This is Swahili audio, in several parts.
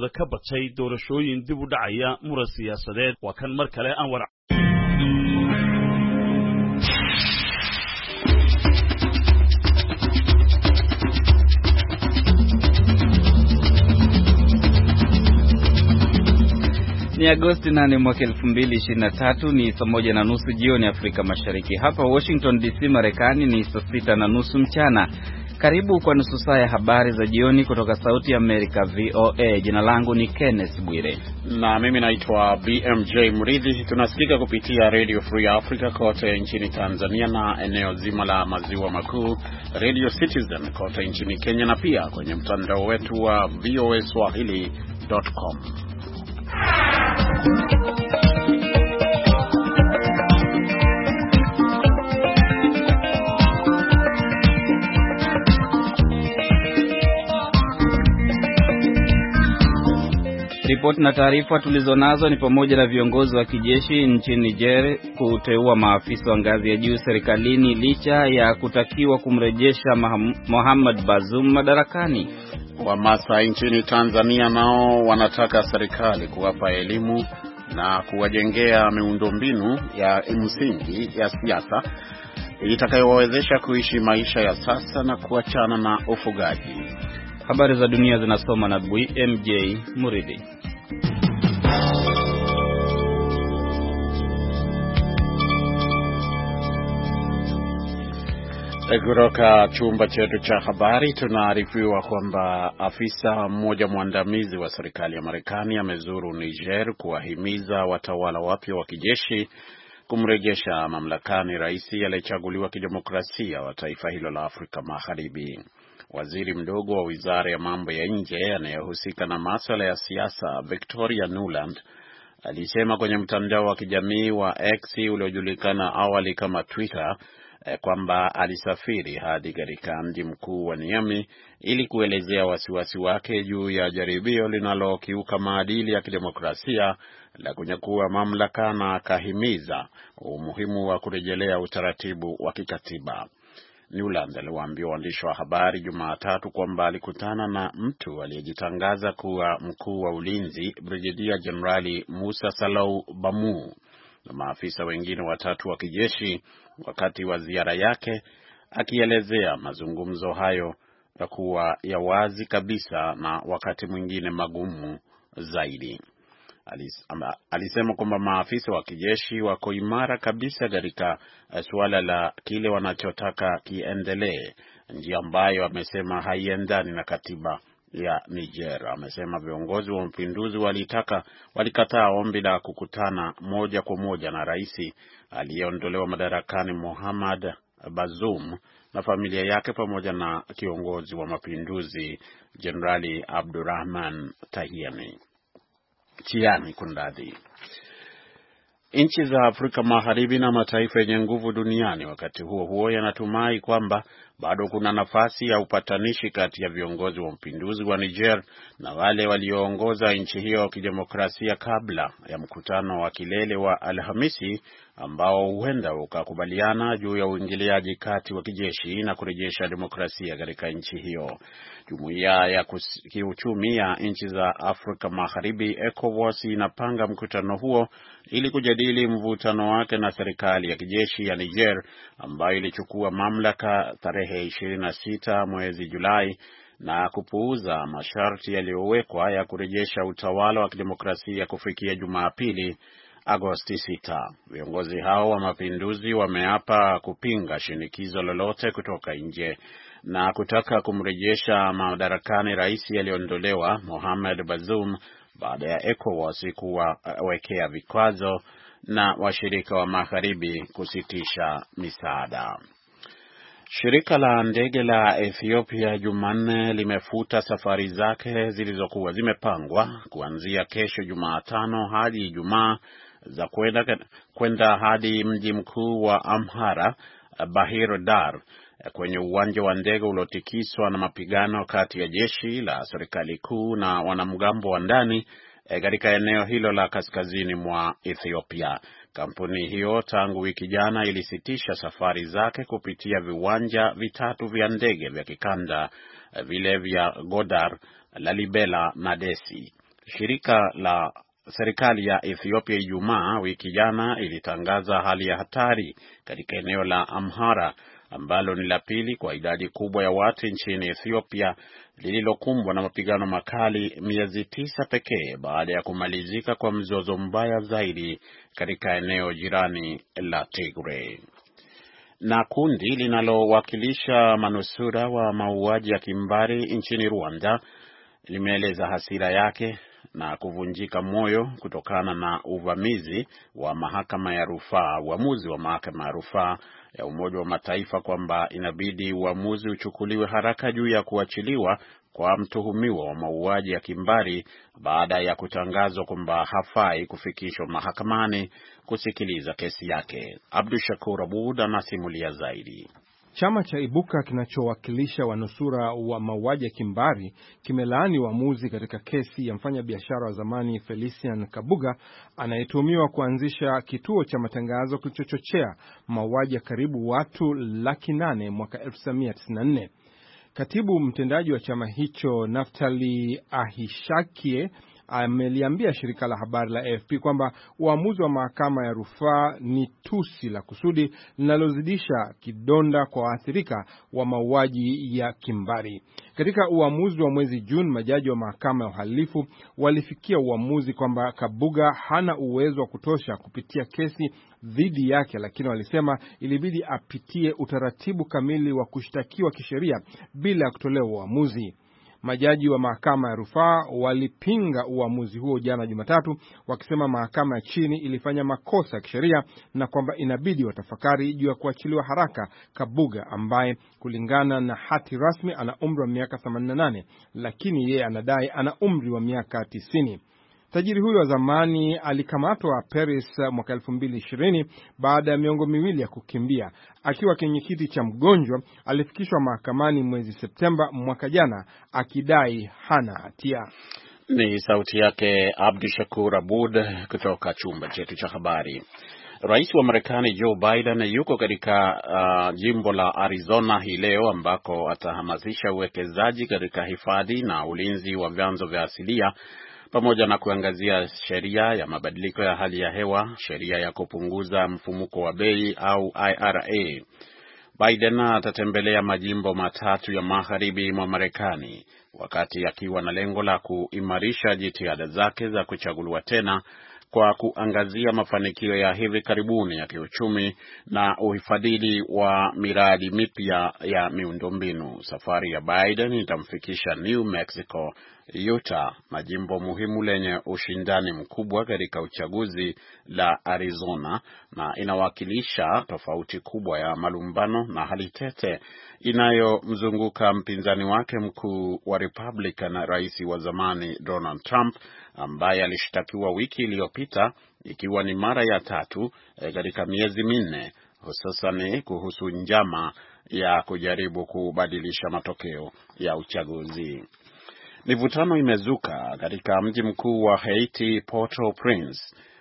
wada ka batay doorashooyin dib u dhacaya muran siyaasadeed waa kan mar kale anwar ni Agosti 8 mwaka 2023, ni saa moja na nusu jioni Afrika Mashariki. Hapa Washington DC, Marekani ni saa sita na nusu mchana. Karibu kwa nusu saa ya habari za jioni kutoka Sauti Amerika VOA. Jina langu ni Kenneth Bwire na mimi naitwa BMJ Mridhi. Tunasikika kupitia Radio Free Africa kote nchini Tanzania na eneo zima la maziwa makuu, Radio Citizen kote nchini Kenya na pia kwenye mtandao wetu wa voa swahili.com. Ripoti na taarifa tulizonazo ni pamoja na viongozi wa kijeshi nchini Niger kuteua maafisa wa ngazi ya juu serikalini licha ya kutakiwa kumrejesha Mohamed Bazoum madarakani. Wamasai nchini Tanzania nao wanataka serikali kuwapa elimu na kuwajengea miundombinu ya msingi ya siasa itakayowawezesha kuishi maisha ya sasa na kuachana na ufugaji. Habari za dunia zinasoma na BMJ Muridhi. Kutoka chumba chetu cha habari tunaarifiwa kwamba afisa mmoja mwandamizi wa serikali ya Marekani amezuru Niger kuwahimiza watawala wapya wa kijeshi kumrejesha mamlakani rais aliyechaguliwa kidemokrasia wa taifa hilo la Afrika Magharibi. Waziri mdogo wa wizara ya mambo ya nje anayehusika na maswala ya siasa Victoria Nuland alisema kwenye mtandao wa kijamii wa X uliojulikana awali kama Twitter eh, kwamba alisafiri hadi katika mji mkuu wa Niami ili kuelezea wasiwasi wake juu ya jaribio linalokiuka maadili ya kidemokrasia la kunyakua mamlaka, na akahimiza umuhimu wa kurejelea utaratibu wa kikatiba. Newland aliwaambia waandishi wa habari Jumatatu kwamba alikutana na mtu aliyejitangaza kuwa mkuu wa ulinzi, Brigedia Jenerali Musa Salou Bamu na maafisa wengine watatu wa kijeshi wakati wa ziara yake, akielezea mazungumzo hayo ya kuwa ya wazi kabisa na wakati mwingine magumu zaidi alisema kwamba maafisa wa kijeshi wako imara kabisa katika eh, suala la kile wanachotaka kiendelee, njia ambayo amesema haiendani na katiba ya Niger. Amesema viongozi wa mapinduzi walitaka walikataa ombi la kukutana moja kwa moja na rais aliyeondolewa madarakani muhammad Bazoum na familia yake pamoja na kiongozi wa mapinduzi Jenerali Abdurrahman Tahiani. Kiani, kunradhi. Nchi za Afrika Magharibi na mataifa yenye nguvu duniani, wakati huo huo, yanatumai kwamba bado kuna nafasi ya upatanishi kati ya viongozi wa mpinduzi wa Niger na wale walioongoza nchi hiyo kidemokrasia kabla ya mkutano wa kilele wa Alhamisi ambao huenda ukakubaliana juu ya uingiliaji kati wa kijeshi na kurejesha demokrasia katika nchi hiyo. Jumuiya ya kiuchumi ya nchi za Afrika Magharibi ECOWAS inapanga mkutano huo ili kujadili mvutano wake na serikali ya kijeshi ya Niger ambayo ilichukua mamlaka tarehe 26 mwezi Julai na kupuuza masharti yaliyowekwa ya kurejesha utawala wa kidemokrasia kufikia Jumapili Agosti 6. Viongozi hao wa mapinduzi wameapa kupinga shinikizo lolote kutoka nje na kutaka kumrejesha madarakani rais yaliyoondolewa Mohamed Bazoum baada ya ECOWAS kuwawekea vikwazo na washirika wa magharibi kusitisha misaada. Shirika la ndege la Ethiopia Jumanne limefuta safari zake zilizokuwa zimepangwa kuanzia kesho Jumatano hadi Ijumaa za kwenda hadi mji mkuu wa Amhara Bahir Dar kwenye uwanja wa ndege uliotikiswa na mapigano kati ya jeshi la serikali kuu na wanamgambo wa ndani e, katika eneo hilo la kaskazini mwa Ethiopia. Kampuni hiyo tangu wiki jana ilisitisha safari zake kupitia viwanja vitatu vya ndege vya kikanda e, vile vya Godar, Lalibela na Desi. Shirika la serikali ya Ethiopia Ijumaa wiki jana ilitangaza hali ya hatari katika eneo la Amhara ambalo ni la pili kwa idadi kubwa ya watu nchini Ethiopia lililokumbwa na mapigano makali miezi tisa pekee baada ya kumalizika kwa mzozo mbaya zaidi katika eneo jirani la Tigray. Na kundi linalowakilisha manusura wa mauaji ya kimbari nchini Rwanda limeeleza hasira yake na kuvunjika moyo kutokana na uvamizi wa mahakama ya rufaa, uamuzi wa mahakama ya rufaa ya Umoja wa Mataifa kwamba inabidi uamuzi uchukuliwe haraka juu ya kuachiliwa kwa mtuhumiwa wa mauaji ya kimbari baada ya kutangazwa kwamba hafai kufikishwa mahakamani kusikiliza kesi yake. Abdu Shakur Abud anasimulia zaidi. Chama cha Ibuka kinachowakilisha wanusura wa mauaji ya kimbari kimelaani uamuzi katika kesi ya mfanyabiashara wa zamani Felician Kabuga anayetuhumiwa kuanzisha kituo cha matangazo kilichochochea mauaji ya karibu watu laki nane mwaka 1994. Katibu mtendaji wa chama hicho Naftali Ahishakie ameliambia shirika la habari la AFP kwamba uamuzi wa mahakama ya rufaa ni tusi la kusudi linalozidisha kidonda kwa waathirika wa mauaji ya kimbari. Katika uamuzi wa mwezi Juni, majaji wa mahakama ya uhalifu walifikia uamuzi kwamba Kabuga hana uwezo wa kutosha kupitia kesi dhidi yake, lakini walisema ilibidi apitie utaratibu kamili wa kushtakiwa kisheria bila ya kutolewa uamuzi majaji wa mahakama ya rufaa walipinga uamuzi huo jana Jumatatu, wakisema mahakama ya chini ilifanya makosa ya kisheria na kwamba inabidi watafakari juu ya kuachiliwa haraka Kabuga, ambaye kulingana na hati rasmi ana umri wa miaka 88 lakini yeye anadai ana umri wa miaka 90. Tajiri huyo wa zamani alikamatwa Paris mwaka ishirini baada ya miongo miwili ya kukimbia. Akiwa kwenye kiti cha mgonjwa, alifikishwa mahakamani mwezi Septemba mwaka jana akidai hana hatia. Ni sauti yake Abdu Shakur Abud kutoka chumba chetu cha habari. Rais wa Marekani Joe Biden yuko katika uh, jimbo la Arizona hii leo ambako atahamasisha uwekezaji katika hifadhi na ulinzi wa vyanzo vya asilia pamoja na kuangazia sheria ya mabadiliko ya hali ya hewa, sheria ya kupunguza mfumuko wa bei au IRA. Biden atatembelea majimbo matatu ya magharibi mwa Marekani wakati akiwa na lengo la kuimarisha jitihada zake za kuchaguliwa tena kwa kuangazia mafanikio ya hivi karibuni ya kiuchumi na uhifadhili wa miradi mipya ya miundombinu. Safari ya Biden itamfikisha New Mexico, Utah na jimbo muhimu lenye ushindani mkubwa katika uchaguzi la Arizona, na inawakilisha tofauti kubwa ya malumbano na hali tete inayomzunguka mpinzani wake mkuu wa Republican, rais wa zamani Donald Trump ambaye alishtakiwa wiki iliyopita ikiwa ni mara ya tatu e, katika miezi minne hususani kuhusu njama ya kujaribu kubadilisha matokeo ya uchaguzi. Mivutano imezuka katika mji mkuu wa Haiti, Port-au-Prince,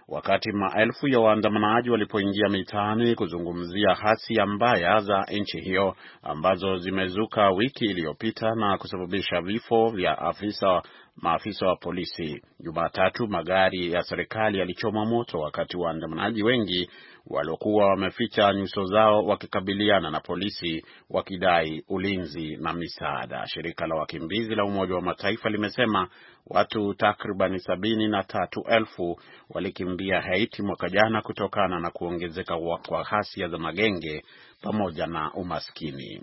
wakati maelfu ya waandamanaji walipoingia mitaani kuzungumzia hasia mbaya za nchi hiyo ambazo zimezuka wiki iliyopita na kusababisha vifo vya afisa maafisa wa polisi. Jumatatu, magari ya serikali yalichoma moto wakati waandamanaji wengi waliokuwa wameficha nyuso zao wakikabiliana na polisi wakidai ulinzi na misaada. Shirika la wakimbizi la Umoja wa Mataifa limesema watu takriban sabini na tatu elfu walikimbia Haiti mwaka jana kutokana na kuongezeka kwa ghasia za magenge pamoja na umaskini.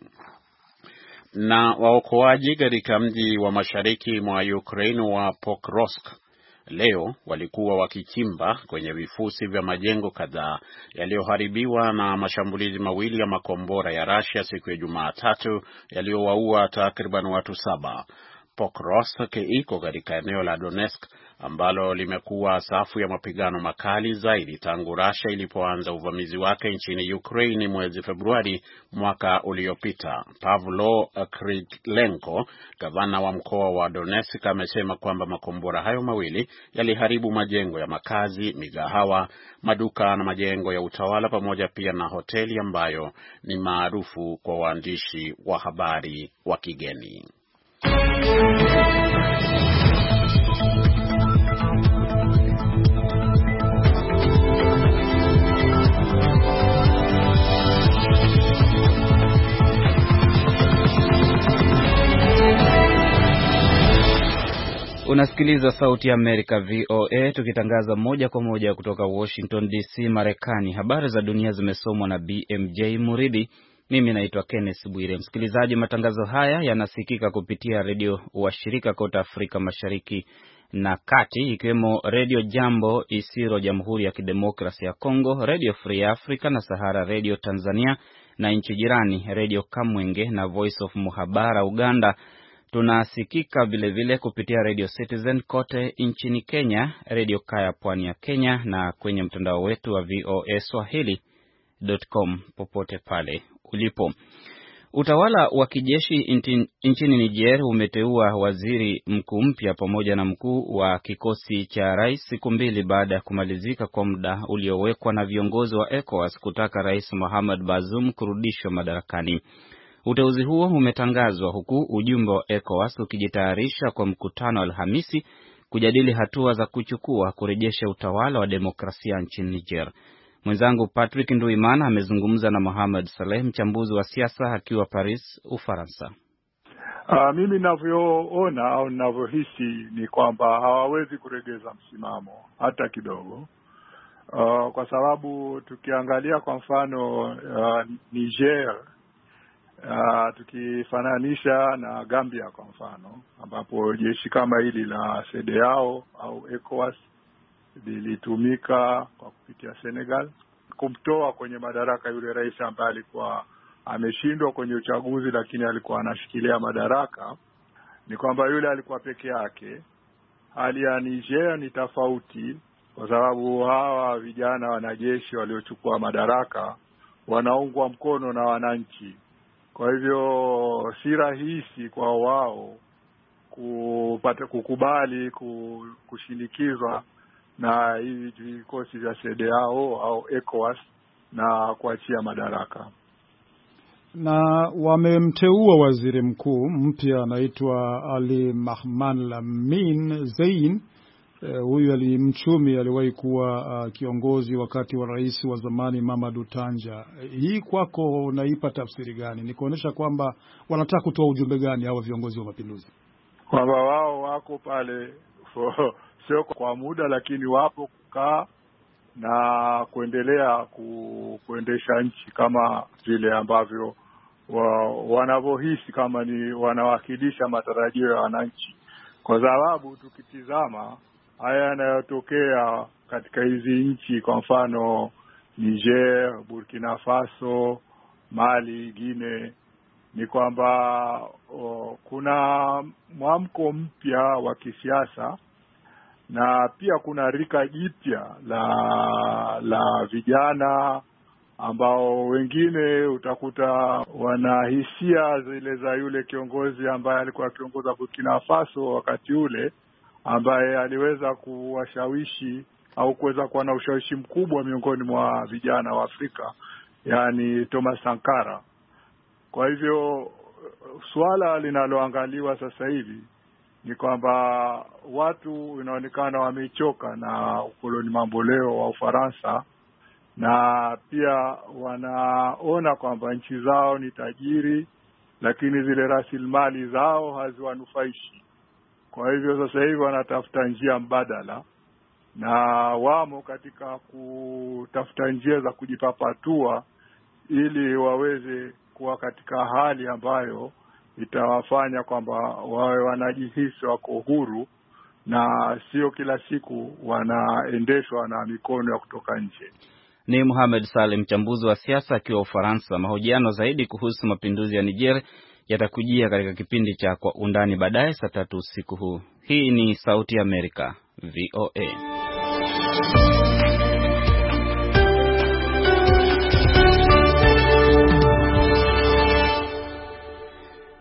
Na waokoaji katika mji wa mashariki mwa Ukraine wa Pokrovsk leo walikuwa wakichimba kwenye vifusi vya majengo kadhaa yaliyoharibiwa na mashambulizi mawili ya makombora ya Russia siku ya Jumatatu yaliyowaua takriban watu saba. Pokrovsk iko katika eneo la Donetsk ambalo limekuwa safu ya mapigano makali zaidi tangu Russia ilipoanza uvamizi wake nchini Ukraine mwezi Februari mwaka uliopita. Pavlo Krylenko, gavana wa mkoa wa Donetsk, amesema kwamba makombora hayo mawili yaliharibu majengo ya makazi, migahawa, maduka na majengo ya utawala pamoja pia na hoteli ambayo ni maarufu kwa waandishi wa habari wa kigeni. Unasikiliza sauti ya Amerika, VOA, tukitangaza moja kwa moja kutoka Washington DC, Marekani. Habari za dunia zimesomwa na BMJ Muridhi. Mimi naitwa Kenneth Bwire. Msikilizaji, matangazo haya yanasikika kupitia redio washirika kote Afrika Mashariki na Kati, ikiwemo Redio Jambo Isiro, Jamhuri ya Kidemokrasi ya Kongo, Redio Free Africa na Sahara Redio Tanzania na nchi jirani, Redio Kamwenge na Voice of Muhabara Uganda, Tunasikika vilevile kupitia Radio Citizen kote nchini Kenya, Redio Kaya pwani ya Kenya, na kwenye mtandao wetu wa VOA Swahili.com popote pale ulipo. Utawala wa kijeshi nchini Niger umeteua waziri mkuu mpya pamoja na mkuu wa kikosi cha rais siku mbili baada ya kumalizika kwa muda uliowekwa na viongozi wa ECOWAS kutaka Rais Mohamed Bazoum kurudishwa madarakani. Uteuzi huo umetangazwa huku ujumbe wa ECOWAS ukijitayarisha kwa mkutano wa Alhamisi kujadili hatua za kuchukua kurejesha utawala wa demokrasia nchini Niger. Mwenzangu Patrick Nduimana amezungumza na Mohamed Saleh, mchambuzi wa siasa akiwa Paris, Ufaransa. Uh, mimi ninavyoona au ninavyohisi ni kwamba hawawezi kuregeza msimamo hata kidogo. Uh, kwa sababu tukiangalia kwa mfano uh, Niger Uh, tukifananisha na Gambia kwa mfano, ambapo jeshi kama hili la CEDEAO au ECOWAS lilitumika kwa kupitia Senegal kumtoa kwenye madaraka yule rais ambaye alikuwa ameshindwa kwenye uchaguzi, lakini alikuwa anashikilia madaraka, ni kwamba yule alikuwa peke yake. Hali ya Niger ni tofauti, kwa sababu hawa vijana wanajeshi waliochukua madaraka wanaungwa mkono na wananchi kwa hivyo si rahisi kwa wao kupata kukubali kushinikizwa na hivi vikosi vya CDAO au ECOWAS na kuachia madaraka. Na wamemteua waziri mkuu mpya anaitwa Ali Mahman Lamin Zein Eh, huyu uh, alimchumi aliwahi kuwa uh, kiongozi wakati wa rais wa zamani Mamadu Tanja. Eh, hii kwako unaipa tafsiri gani? Ni kuonyesha kwamba wanataka kutoa ujumbe gani hawa viongozi wa mapinduzi, kwamba wao wako pale sio kwa muda, lakini wapo kukaa na kuendelea ku, kuendesha nchi kama vile ambavyo wa, wanavyohisi kama ni wanawakilisha matarajio ya wananchi, kwa sababu tukitizama haya yanayotokea katika hizi nchi, kwa mfano Niger, Burkina Faso, Mali, guine ni kwamba oh, kuna mwamko mpya wa kisiasa na pia kuna rika jipya la la vijana ambao wengine utakuta wana hisia zile za yule kiongozi ambaye alikuwa akiongoza Burkina Faso wakati ule, ambaye aliweza kuwashawishi au kuweza kuwa na ushawishi mkubwa miongoni mwa vijana wa Afrika, yaani Thomas Sankara. Kwa hivyo suala linaloangaliwa sasa hivi ni kwamba watu inaonekana wamechoka na ukoloni mamboleo wa Ufaransa na pia wanaona kwamba nchi zao ni tajiri, lakini zile rasilimali zao haziwanufaishi. Kwa hivyo sasa hivi wanatafuta njia mbadala na wamo katika kutafuta njia za kujipapatua ili waweze kuwa katika hali ambayo itawafanya kwamba wawe wanajihisi wako huru na sio kila siku wanaendeshwa na mikono ya kutoka nje. Ni Muhamed Saleh, mchambuzi wa siasa akiwa Ufaransa. Mahojiano zaidi kuhusu mapinduzi ya Niger yatakujia katika kipindi cha Kwa Undani baadaye saa tatu usiku huu. Hii ni Sauti ya Amerika, VOA.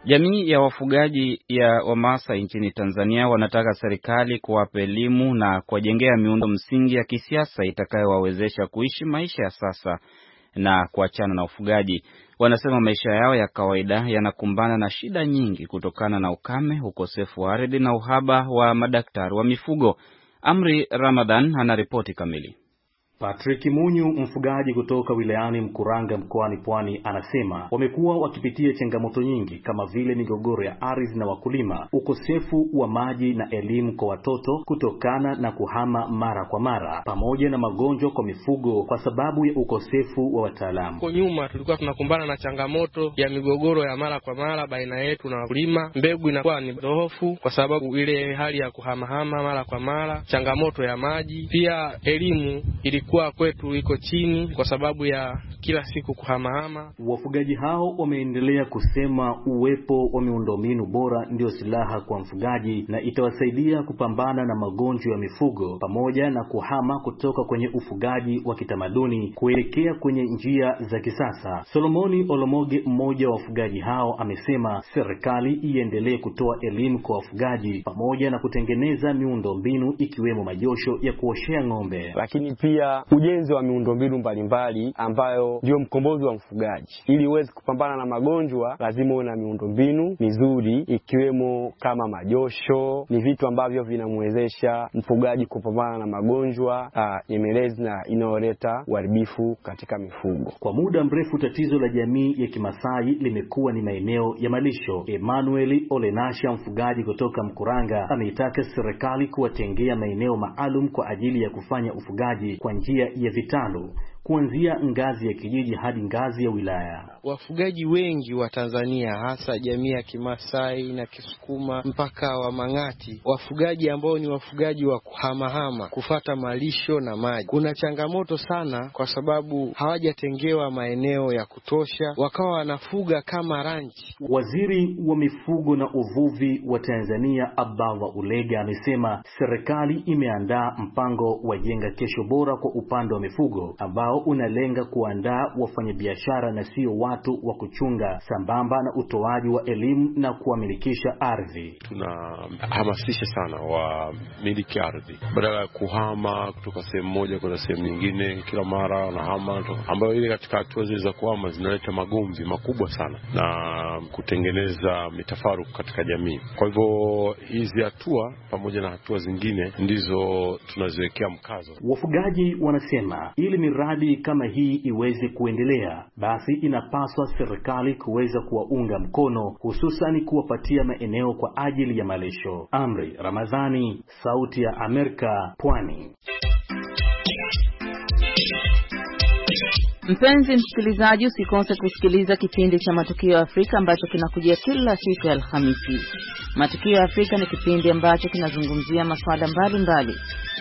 Jamii ya wafugaji ya Wamasai nchini Tanzania wanataka serikali kuwapa elimu na kuwajengea miundo msingi ya kisiasa itakayowawezesha kuishi maisha ya sasa na kuachana na ufugaji. Wanasema maisha yao ya kawaida yanakumbana na shida nyingi kutokana na ukame, ukosefu wa ardhi na uhaba wa madaktari wa mifugo. Amri Ramadhan anaripoti kamili. Patrick Munyu, mfugaji kutoka wilayani Mkuranga mkoani Pwani, anasema wamekuwa wakipitia changamoto nyingi kama vile migogoro ya ardhi na wakulima, ukosefu wa maji na elimu kwa watoto kutokana na kuhama mara kwa mara, pamoja na magonjwa kwa mifugo kwa sababu ya ukosefu wa wataalamu. Huko nyuma tulikuwa tunakumbana na changamoto ya migogoro ya mara kwa mara baina yetu na wakulima, mbegu inakuwa ni dhoofu kwa sababu ile hali ya kuhamahama mara kwa mara, changamoto ya maji, pia elimu ilikuwa kuwa kwetu iko chini kwa sababu ya kila siku kuhamahama. Wafugaji hao wameendelea kusema uwepo wa miundombinu bora ndio silaha kwa mfugaji na itawasaidia kupambana na magonjwa ya mifugo pamoja na kuhama kutoka kwenye ufugaji wa kitamaduni kuelekea kwenye njia za kisasa. Solomoni Olomoge, mmoja wa wafugaji hao, amesema serikali iendelee kutoa elimu kwa wafugaji pamoja na kutengeneza miundombinu ikiwemo majosho ya kuoshea ng'ombe, lakini pia ujenzi wa miundombinu mbalimbali ambayo ndiyo mkombozi wa mfugaji. Ili uweze kupambana na magonjwa, lazima uwe na miundombinu mizuri, ikiwemo kama majosho. Ni vitu ambavyo vinamwezesha mfugaji kupambana na magonjwa nyemelezi na inayoleta uharibifu katika mifugo. Kwa muda mrefu, tatizo la jamii ya Kimasai limekuwa ni maeneo ya malisho. Emmanuel Olenasha, mfugaji kutoka Mkuranga, ameitaka serikali kuwatengea maeneo maalum kwa ajili ya kufanya ufugaji kwa njia ya vitalu kuanzia ngazi ya kijiji hadi ngazi ya wilaya. Wafugaji wengi wa Tanzania, hasa jamii ya Kimasai na Kisukuma mpaka wa Mang'ati, wafugaji ambao ni wafugaji wa kuhamahama, kufata malisho na maji, kuna changamoto sana, kwa sababu hawajatengewa maeneo ya kutosha, wakawa wanafuga kama ranchi. Waziri wa mifugo na uvuvi wa Tanzania Abdallah Ulega amesema serikali imeandaa mpango wa Jenga Kesho Bora kwa upande wa mifugo ambao ambao unalenga kuandaa wafanyabiashara na sio watu wa kuchunga, sambamba na utoaji wa elimu na kuwamilikisha ardhi. Tunahamasisha sana wamiliki ardhi, badala ya kuhama kutoka sehemu moja kwenda sehemu nyingine, kila mara wanahama, ambayo ile katika hatua zile za kuhama zinaleta magomvi makubwa sana na kutengeneza mitafaruku katika jamii. Kwa hivyo hizi hatua pamoja na hatua zingine ndizo tunaziwekea mkazo. Wafugaji wanasema ili miradi ili kama hii iweze kuendelea, basi inapaswa serikali kuweza kuwaunga mkono, hususani kuwapatia maeneo kwa ajili ya malesho. Amri Ramadhani, Sauti ya Amerika, Pwani. Mpenzi msikilizaji, usikose kusikiliza kipindi cha Matukio ya Afrika ambacho kinakujia kila siku ya Alhamisi. Matukio ya Afrika ni kipindi ambacho kinazungumzia masuala mbalimbali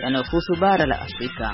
yanayohusu bara la Afrika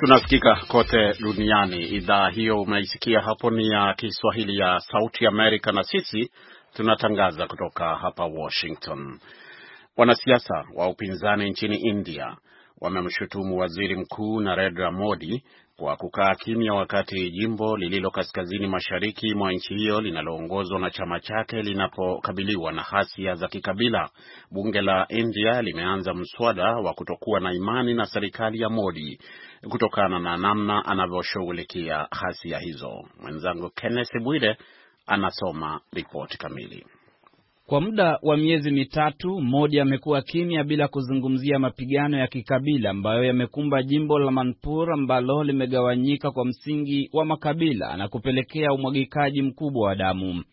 Tunasikika kote duniani. Idhaa hiyo umeisikia hapo ni ya Kiswahili ya Sauti Amerika, na sisi tunatangaza kutoka hapa Washington. Wanasiasa wa upinzani nchini India wamemshutumu waziri mkuu Narendra Modi kwa kukaa kimya wakati jimbo lililo kaskazini mashariki mwa nchi hiyo linaloongozwa na chama chake linapokabiliwa na hasia za kikabila. Bunge la India limeanza mswada wa kutokuwa na imani na serikali ya Modi kutokana na namna anavyoshughulikia hasia hizo. Mwenzangu Kenneth Bwire anasoma ripoti kamili. Kwa muda wa miezi mitatu, Modi amekuwa kimya bila kuzungumzia mapigano ya kikabila ambayo yamekumba jimbo la Manipur ambalo limegawanyika kwa msingi wa makabila na kupelekea umwagikaji mkubwa wa damu.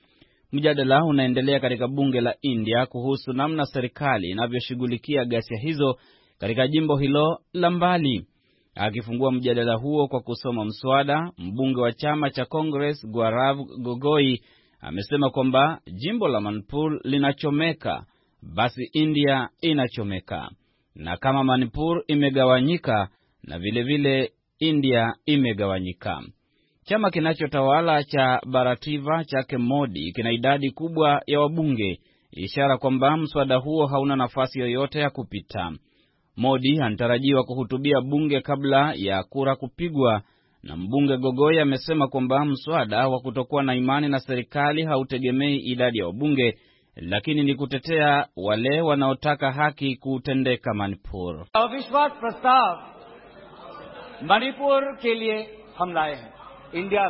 Mjadala unaendelea katika bunge la India kuhusu namna serikali inavyoshughulikia ghasia hizo katika jimbo hilo la mbali. Akifungua mjadala huo kwa kusoma mswada, mbunge wa chama cha Congress Gaurav Gogoi amesema kwamba jimbo la Manipur linachomeka, basi India inachomeka, na kama Manipur imegawanyika na vilevile vile India imegawanyika. Chama kinachotawala cha barativa chake Modi kina idadi kubwa ya wabunge, ishara kwamba mswada huo hauna nafasi yoyote ya kupita. Modi anatarajiwa kuhutubia bunge kabla ya kura kupigwa na mbunge Gogoi amesema kwamba mswada wa kutokuwa na imani na serikali hautegemei idadi ya wabunge, lakini ni kutetea wale wanaotaka haki kutendeka Manipur. Avishwas prastav Manipur ke लिए हम लाए हैं India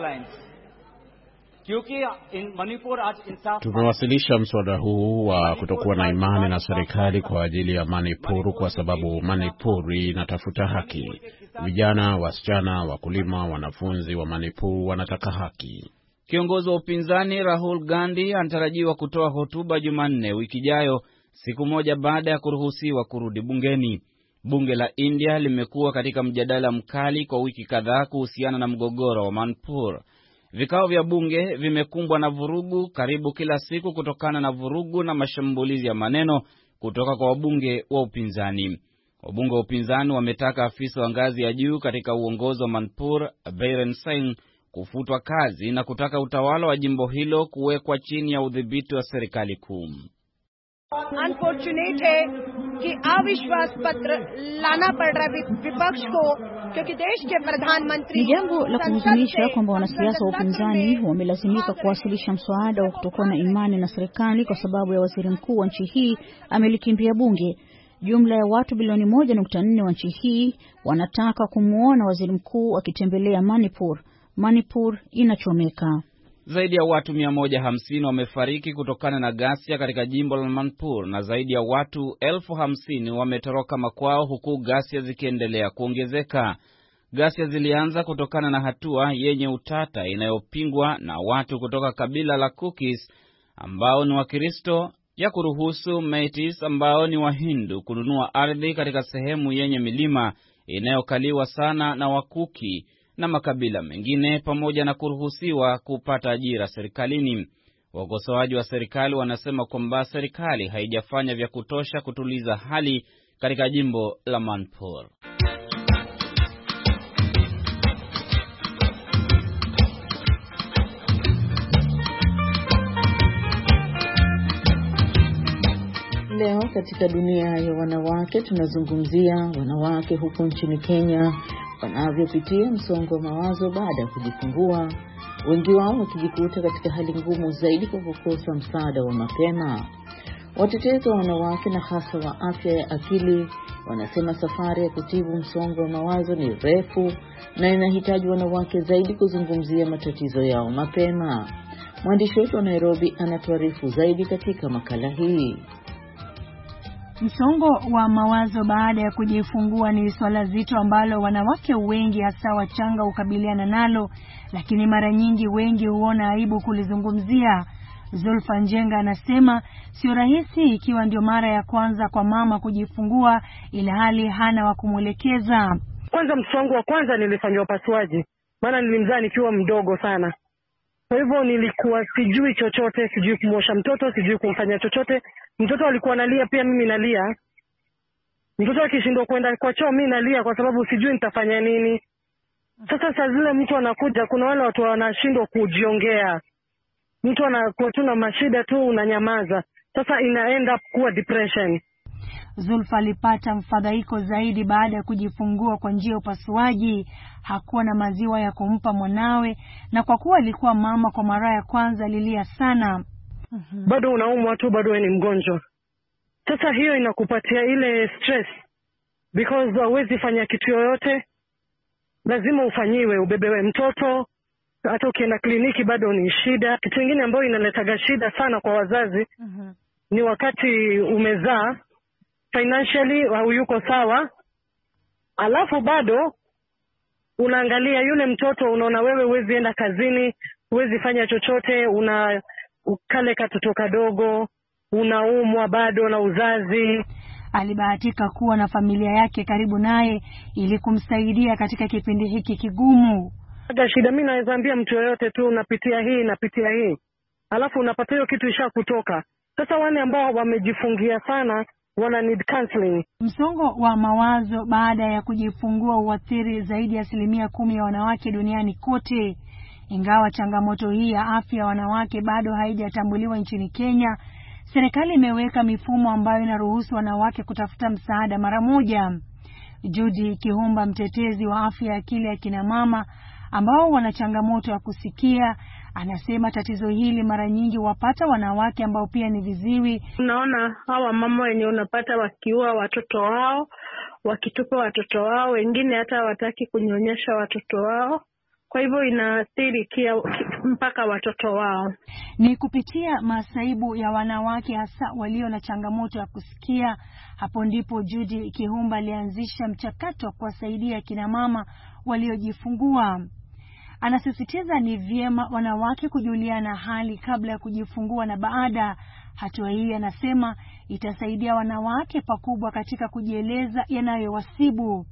Tumewasilisha mswada huu wa kutokuwa na imani na serikali kwa ajili ya Manipur kwa sababu Manipur inatafuta haki. Vijana, wasichana, wakulima, wanafunzi wa Manipur wanataka haki. Kiongozi wa upinzani Rahul Gandhi anatarajiwa kutoa hotuba Jumanne wiki ijayo, siku moja baada ya kuruhusiwa kurudi bungeni. Bunge la India limekuwa katika mjadala mkali kwa wiki kadhaa kuhusiana na mgogoro wa Manipur. Vikao vya bunge vimekumbwa na vurugu karibu kila siku kutokana na vurugu na mashambulizi ya maneno kutoka kwa wabunge wa upinzani. Wabunge wa upinzani wametaka afisa wa ngazi ya juu katika uongozi wa Manpur, Biren Singh, kufutwa kazi na kutaka utawala wa jimbo hilo kuwekwa chini ya udhibiti wa serikali kuu. Unfortunate है कि अविश्वास पत्र लाना पड़ रहा है विपक्ष को क्योंकि देश के प्रधानमंत्री ni jambo la kuhuzunisha kwamba wanasiasa wa upinzani wamelazimika kuwasilisha mswada wa kutokuwa na imani na serikali kwa sababu ya waziri mkuu wa nchi hii amelikimbia bunge. Jumla ya watu bilioni moja nukta nne wa nchi hii wanataka kumwona waziri mkuu akitembelea Manipur. Manipur inachomeka. Zaidi ya watu 150 wamefariki kutokana na ghasia katika jimbo la Manipur na zaidi ya watu elfu wametoroka makwao huku ghasia zikiendelea kuongezeka. Ghasia zilianza kutokana na hatua yenye utata inayopingwa na watu kutoka kabila la Kukis ambao ni Wakristo ya kuruhusu Metis ambao ni Wahindu kununua ardhi katika sehemu yenye milima inayokaliwa sana na Wakuki na makabila mengine pamoja na kuruhusiwa kupata ajira serikalini. Wakosoaji wa serikali wanasema kwamba serikali haijafanya vya kutosha kutuliza hali katika jimbo la Manipur. Leo katika dunia ya wanawake tunazungumzia wanawake huko nchini Kenya wanavyopitia msongo wa mawazo baada ya kujifungua, wengi wao wakijikuta katika hali ngumu zaidi kwa kukosa msaada wa mapema. Watetezi wa wanawake na hasa wa afya ya akili wanasema safari ya kutibu msongo wa mawazo ni refu na inahitaji wanawake zaidi kuzungumzia matatizo yao mapema. Mwandishi wetu wa Nairobi anatuarifu zaidi katika makala hii. Msongo wa mawazo baada ya kujifungua ni swala zito ambalo wanawake wengi hasa wachanga hukabiliana nalo, lakini mara nyingi wengi huona aibu kulizungumzia. Zulfa Njenga anasema sio rahisi ikiwa ndio mara ya kwanza kwa mama kujifungua ila hali hana wa kumwelekeza. Kwanza mtoto wangu wa kwanza nilifanyiwa upasuaji, maana nilimzaa nikiwa mdogo sana, kwa hivyo nilikuwa sijui chochote, sijui kumwosha mtoto, sijui kumfanya chochote. Mtoto alikuwa analia, pia mimi nalia. Mtoto akishindwa kwenda kwa choo, mi nalia kwa sababu sijui nitafanya nini. Sasa saa zile mtu anakuja, kuna wale watu wanashindwa kujiongea, mtu anakuwa tu na mashida tu, unanyamaza. Sasa ina kuwa depression. Zulfa alipata mfadhaiko zaidi baada ya kujifungua kwa njia ya upasuaji. Hakuwa na maziwa ya kumpa mwanawe, na kwa kuwa alikuwa mama kwa mara ya kwanza, alilia sana. mm -hmm. Bado unaumwa tu, bado ni mgonjwa. Sasa hiyo inakupatia ile stress because hauwezi fanya kitu yoyote, lazima ufanyiwe, ubebewe mtoto hata ukienda kliniki bado ni shida. Kitu ingine ambayo inaletaga shida sana kwa wazazi mm -hmm. ni wakati umezaa financially hauyuko sawa, alafu bado unaangalia yule mtoto, unaona wewe huwezi enda kazini, huwezi fanya chochote, una kale katoto kadogo, unaumwa bado na uzazi. Alibahatika kuwa na familia yake karibu naye ili kumsaidia katika kipindi hiki kigumu. Shida mi nawezaambia mtu yoyote tu, unapitia hii, napitia hii, alafu unapata hiyo kitu isha kutoka. Sasa wale ambao wamejifungia sana wana need counseling. Msongo wa mawazo baada ya kujifungua huathiri zaidi ya asilimia kumi ya wanawake duniani kote. Ingawa changamoto hii ya afya ya wanawake bado haijatambuliwa nchini Kenya, serikali imeweka mifumo ambayo inaruhusu wanawake kutafuta msaada mara moja. Judy Kihumba, mtetezi wa afya ya akili ya kina mama ambao wana changamoto ya kusikia, Anasema tatizo hili mara nyingi wapata wanawake ambao pia ni viziwi. Unaona hawa mama wenye unapata wakiua watoto wao, wakitupa watoto wao, wengine hata hawataki kunyonyesha watoto wao kwa hivyo inaathiri kia mpaka watoto wao. Ni kupitia masaibu ya wanawake hasa walio na changamoto ya kusikia. Hapo ndipo Judy Kihumba alianzisha mchakato wa kuwasaidia kina mama waliojifungua. Anasisitiza ni vyema wanawake kujuliana hali kabla ya kujifungua na baada. Hatua hii, anasema, itasaidia wanawake pakubwa katika kujieleza yanayowasibu.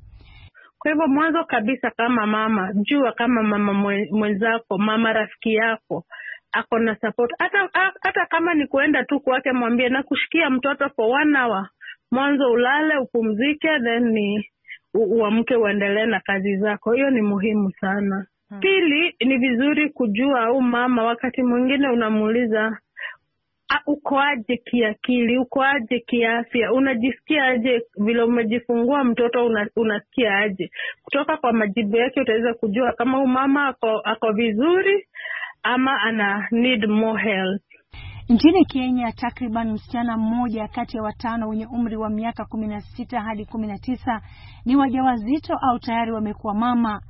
Kwa hivyo mwanzo kabisa, kama mama, jua kama mama mwenzako, mama rafiki yako ako na support, hata hata kama ni kuenda tu kwake, mwambie nakushikia mtoto for one hour. Mwanzo ulale upumzike, then ni uamke uendelee na kazi zako. Hiyo ni muhimu sana. Hmm. Pili, ni vizuri kujua au mama, wakati mwingine unamuuliza ukoaje kiakili, ukoaje kiafya, unajisikia aje vile umejifungua mtoto una, unasikia aje? Kutoka kwa majibu yake utaweza kujua kama huyu mama ako, ako vizuri ama ana need more help. Nchini Kenya, takriban msichana mmoja kati ya watano wenye umri wa miaka kumi na sita hadi kumi na tisa ni wajawazito au tayari wamekuwa mama.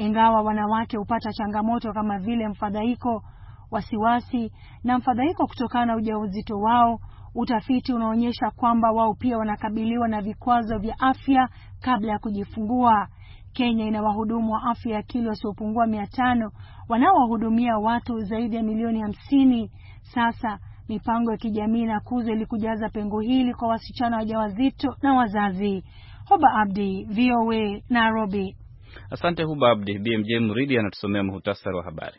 Ingawa wanawake hupata changamoto kama vile mfadhaiko, wasiwasi na mfadhaiko kutokana na ujauzito wao, utafiti unaonyesha kwamba wao pia wanakabiliwa na vikwazo vya afya kabla ya kujifungua. Kenya ina wahudumu wa afya ya akili wasiopungua mia tano wanaowahudumia watu zaidi ya milioni hamsini. Sasa mipango ya kijamii na kuzo ili kujaza pengo hili kwa wasichana wajawazito na wazazi. Hoba Abdi, VOA, Nairobi. Asante Huba Abdi. BMJ Mridi anatusomea muhutasari wa habari.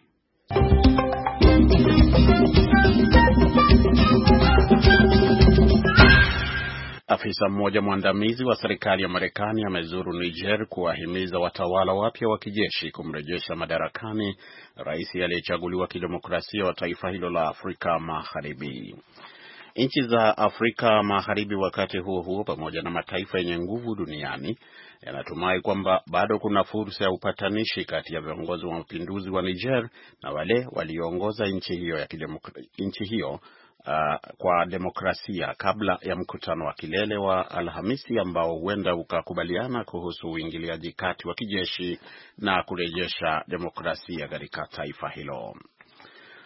Afisa mmoja mwandamizi wa serikali ya Marekani amezuru Niger kuwahimiza watawala wapya wa kijeshi kumrejesha madarakani rais aliyechaguliwa kidemokrasia wa taifa hilo la Afrika Magharibi. Nchi za Afrika Magharibi, wakati huo huo, pamoja na mataifa yenye nguvu duniani yanatumai kwamba bado kuna fursa ya upatanishi kati ya viongozi wa mapinduzi wa Niger na wale walioongoza nchi hiyo ya nchi hiyo Uh, kwa demokrasia kabla ya mkutano wa kilele wa Alhamisi ambao huenda ukakubaliana kuhusu uingiliaji kati wa kijeshi na kurejesha demokrasia katika taifa hilo.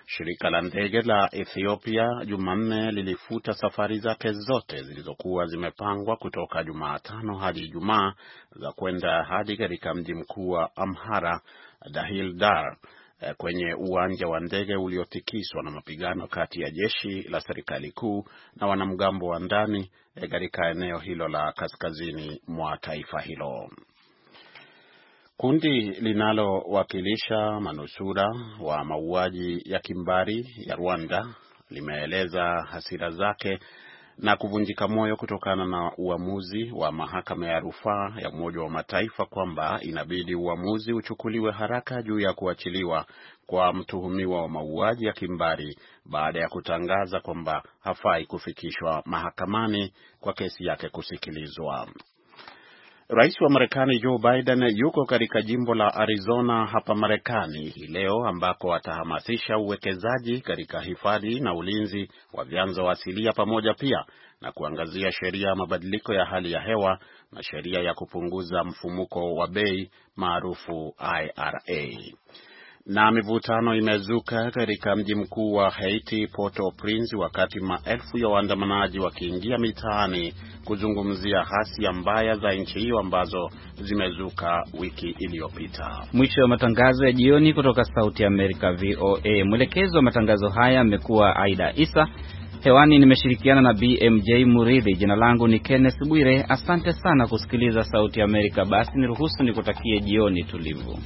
Shirika la ndege la Ethiopia Jumanne lilifuta safari zake zote zilizokuwa zimepangwa kutoka Jumatano hadi Ijumaa za kwenda hadi katika mji mkuu wa Amhara, Dahil Dar, eh, kwenye uwanja wa ndege uliotikiswa na mapigano kati ya jeshi la serikali kuu na wanamgambo wa ndani eh, katika eneo hilo la kaskazini mwa taifa hilo. Kundi linalowakilisha manusura wa mauaji ya kimbari ya Rwanda limeeleza hasira zake na kuvunjika moyo kutokana na uamuzi wa mahakama ya rufaa ya Umoja wa Mataifa kwamba inabidi uamuzi uchukuliwe haraka juu ya kuachiliwa kwa mtuhumiwa wa mauaji ya kimbari baada ya kutangaza kwamba hafai kufikishwa mahakamani kwa kesi yake kusikilizwa. Rais wa Marekani Joe Biden yuko katika jimbo la Arizona hapa Marekani hii leo ambako atahamasisha uwekezaji katika hifadhi na ulinzi wa vyanzo asilia pamoja pia na kuangazia sheria ya mabadiliko ya hali ya hewa na sheria ya kupunguza mfumuko wa bei maarufu IRA. Na mivutano imezuka katika mji mkuu wa Haiti Port-au-Prince, wakati maelfu ya waandamanaji wakiingia mitaani kuzungumzia hasia mbaya za nchi hiyo ambazo zimezuka wiki iliyopita. Mwisho wa matangazo ya jioni kutoka Sauti ya Amerika VOA. Mwelekezi wa matangazo haya amekuwa Aida Isa. Hewani nimeshirikiana na BMJ Muridhi. Jina langu ni Kenneth Bwire. Asante sana kusikiliza Sauti ya Amerika. Basi niruhusu nikutakie jioni tulivu.